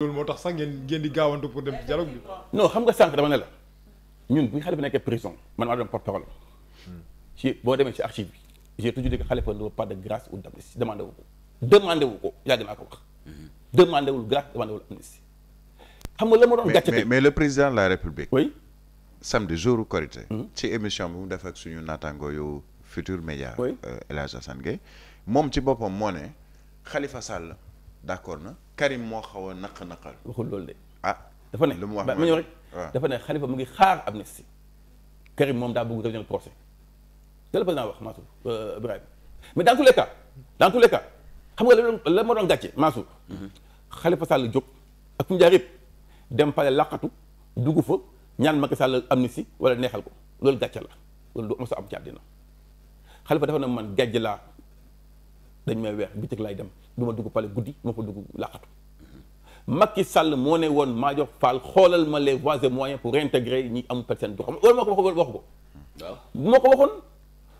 loolu moo tax sax ngeen ngeen di gaawantu pour dem ci dialogue bi. non xam nga sànq dama ne la ñun bu ñu Khalifa nekkee prison man maa doon porte parole. ci boo demee ci archive bi j'ai toujours dit que Khalifa ne veut pas de grâce ou d'amnistie demandé wu ko demandé wu wul grâce demandé wul xam nga la ma doon gàcce mais mais le président de la république. oui samedi jour Korité. Hmm. ci émission bi mu def suñu naataango yu Futur Média. oui euh, El Hadj Assane Gueye moom ci boppam moo ne xalifa Khalifa la d'accord na Karim moo xaw a naq-naqal. waxul loolu de. ah dafa ne lu mu wax ma ñëw rek. dafa ne Khalifa mu ngi xaar amnistie. Karim moom daa bëgg devenir procès. te le wax Mansour euh, Ibrahima mais dans tous xam nga la la ma doon gàcce Mansour. Mm-hmm. Khalifa Sall jóg ak fu mu dem pale laqatu dugg fa ñaan Macky Sall amnistie wala neexal ko loolu gàcce la loolu du mos a am ci àddina Khalifa dafa ne man gàjj laa. dañ may weex weer bëccëg lay dem du ma dugg pale guddi du ma fa dugg laqatu Macky Sall moo ne woon Madior Fall xoolal ma les voies et moyens pour réintégrer ñi am personne du xam wala moo ko wax waxu ko moo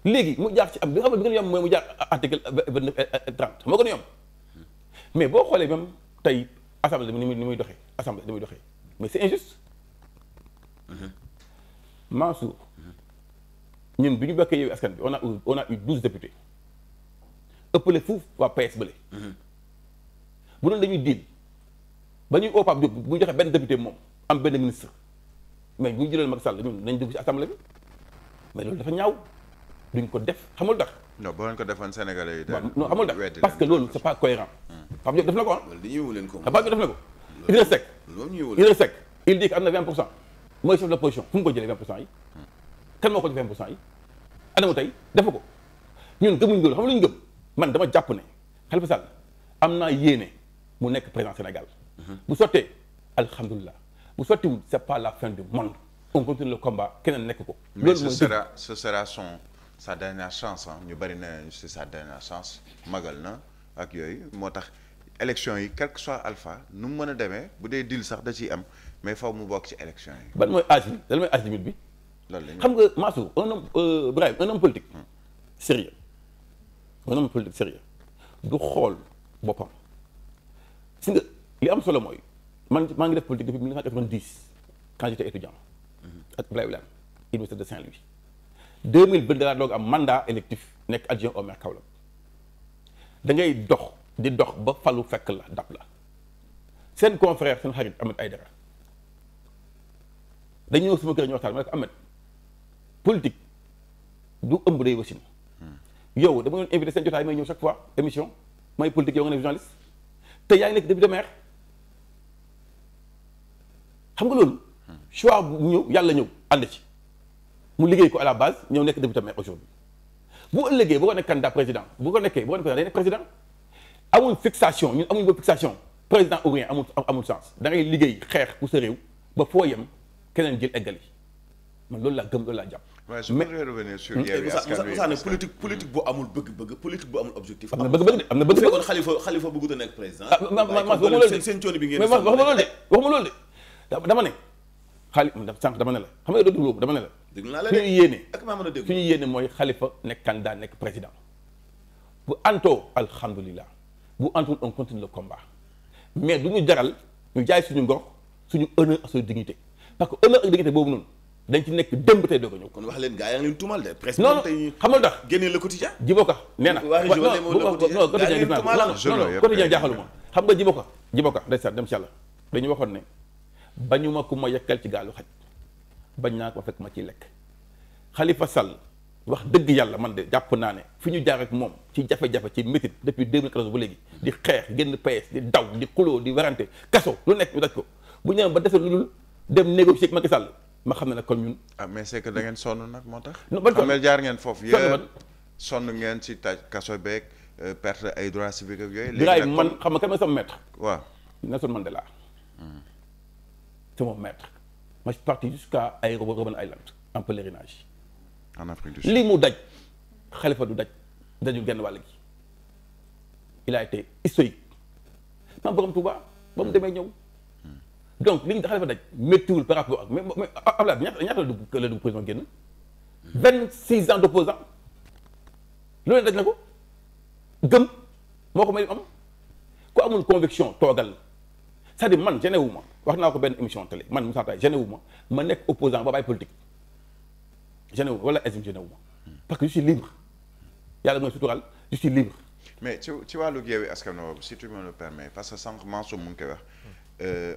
léegi mu jaar ci am bi nga xam ne bi gën a yomb mu jaar article moo gën a yomb mais boo xoolee même tey assemblée ni muy ni muy doxee assemblée ni muy doxee mais c'est injuste mm-hmm. Mansour ñu bokkee Yewwi Askan Wi on ëppale fuuf waa PS bële. bu doon dañuy diil ba ñuy oo Pape Diop bu ñu joxee benn député moom am benn ministre mais bu ñu jëlee Macky Sall ñun nañ dugg ci assemblée bi mais loolu dafa ñaaw duñ ko def xamul tax. non boo leen ko defoon Sénégalais yi. non xamul tax parce que loolu c'est pas cohérent. Hmm. Pape Diop def na ko ah. wala dañuy leen ko. Ah, Pape Diop def na ko. am na 20 pour cent mooy chef de l'opposition fu mu ko jëlee 20 pour cent yi. Hmm. kan moo ko def 20 pour cent yi. anamu tey def ko ñun gëmuñ loolu xam lu man dama jàpp ne Khalifa Sall am naa yéene mu nekk président Sénégal. bu sottee alhamdulilah bu sottiwul c' est la fin du monde on continue le combat keneen nekk ko. loolu mooy ce sera ce sera sa dernière chance ñu bëri na c'est sa magal na ak yooyu moo tax. élection yi quel soit alpha nu mu mën a demee bu dee dil sax da ciy am mais faw mu bokk ci élection yi. ban mooy âge bi mooy âge limite bi. loolu la xam nga Mansour un homme euh, Brahim un homme politique. Hmm. sérieux un homme politique sérieux du xool boppam si nga li am solo mooy man maa ngi def politique depuis 1990 quand j'étais étudiant ak Blaye Wilane université de Saint-Louis 2020 laa doog am mandat électif nekk adjoint au maire Kaolack da ngay dox di dox ba falu fekk la dab la seen confrère seen xarit Ahmed Aïdara dañu ñëw sama kër ma ne Ahmed politique du ëmb day wasin yow dama doon invité a jotaay may ñëw chaque fois émission may politique yow nga nekk journaliste te yaa ngi nekk député maire xam nga loolu choix bu ñëw yàlla ñëw ànd ci mu liggéey ko à la base ñëw nekk député maire aujourd'hui bu ëllëgee bu ko nekk candidat président bu ko nekkee bu ko nekk day nekk président amul fixation ñun amuñu ba fixation président ou rien amul amul sens da ngay liggéey xeex pour sa réew ba foo yem keneen jël eggali ma loolu la gëm loolu laa jàpp mais je voudrais revenir sur hmm? Yewwi Askan Wi Moussa ne politique hmm. politique bu amul a nekk ah, ma ma ma de seen coono bi ngeen. waxuma loolu de waxuma loolu ne. xali sànq dama ne la xam nga doo déglu dama ne la. déglu naa ñu yéene. a déglu fi ñu mooy Khalifa nekk candidat nekk président. bu antoo alhamdulilah bu antul on continue le combat mais du ñu jaral ñu jaay suñu ngor su ñu ak suñu dignité parce que honneur ak boobu noonu dañ ci nekk démb tey doo ko ñëw. kon wax leen gars yaa ngi leen tuumal de. presse non xamal génne le quotidien. jibo ka nee na waaye jibo nee moom le ko non non quotidien jaaxaluma xam nga jibo dañu waxoon ne bañu ma ku ma yekkal ci gaalu xaj bañ naa ko fekk ma ci lekk Khalifa Sall wax dëgg yàlla man de jàpp naa ne fi ñu jaar ak moom ci jafe-jafe ci métit depuis 2014 ba léegi di xeex génn PS di daw di xuloo di werante kaso lu nekk ñu daj ko bu ñëwee ba defe lu dul dem négocier ak Macky Sall ma xam ne na kon ah mais c'est que da ngeen sonn nag moo tax. non ban jaar ngeen foofu yéen sonn ngeen si taj kaso beeg euh, perte ay droits civiques ak yooyu. léegi man xam nga kan ma sama maître. waaw Nelson Mandela. c'est hmm. mon maître. ma suis parti jusqu'à ay Robben Island en pèlerinage. en mu daj. Khalifa du daj dajul genn wàll gi. il a été historique. man borom Touba ba mu hmm. demee ñëw. donc li ñu dafa daj méttiwul par rapport ak mais mais ah, Abdoulaye ñaata ñaata la dugg la dugg prison génn vingt six ans d'opposant loolu daj na ko gëm moo ko may am ku amul conviction toogal c'est-à-dire man gêné wu ma wax naa ko benn émission télé man Moussa Taye gêné wu ma ma nekk opposant ba bàyyi politique gêné wu ma wala esim gêné wu ma parce que je suis libre yàlla mooy sutural je suis libre mais ci ci wàllu Yewwi Askan Wi si tu me le permets parce que sànq Mansour mu ngi koy wax euh,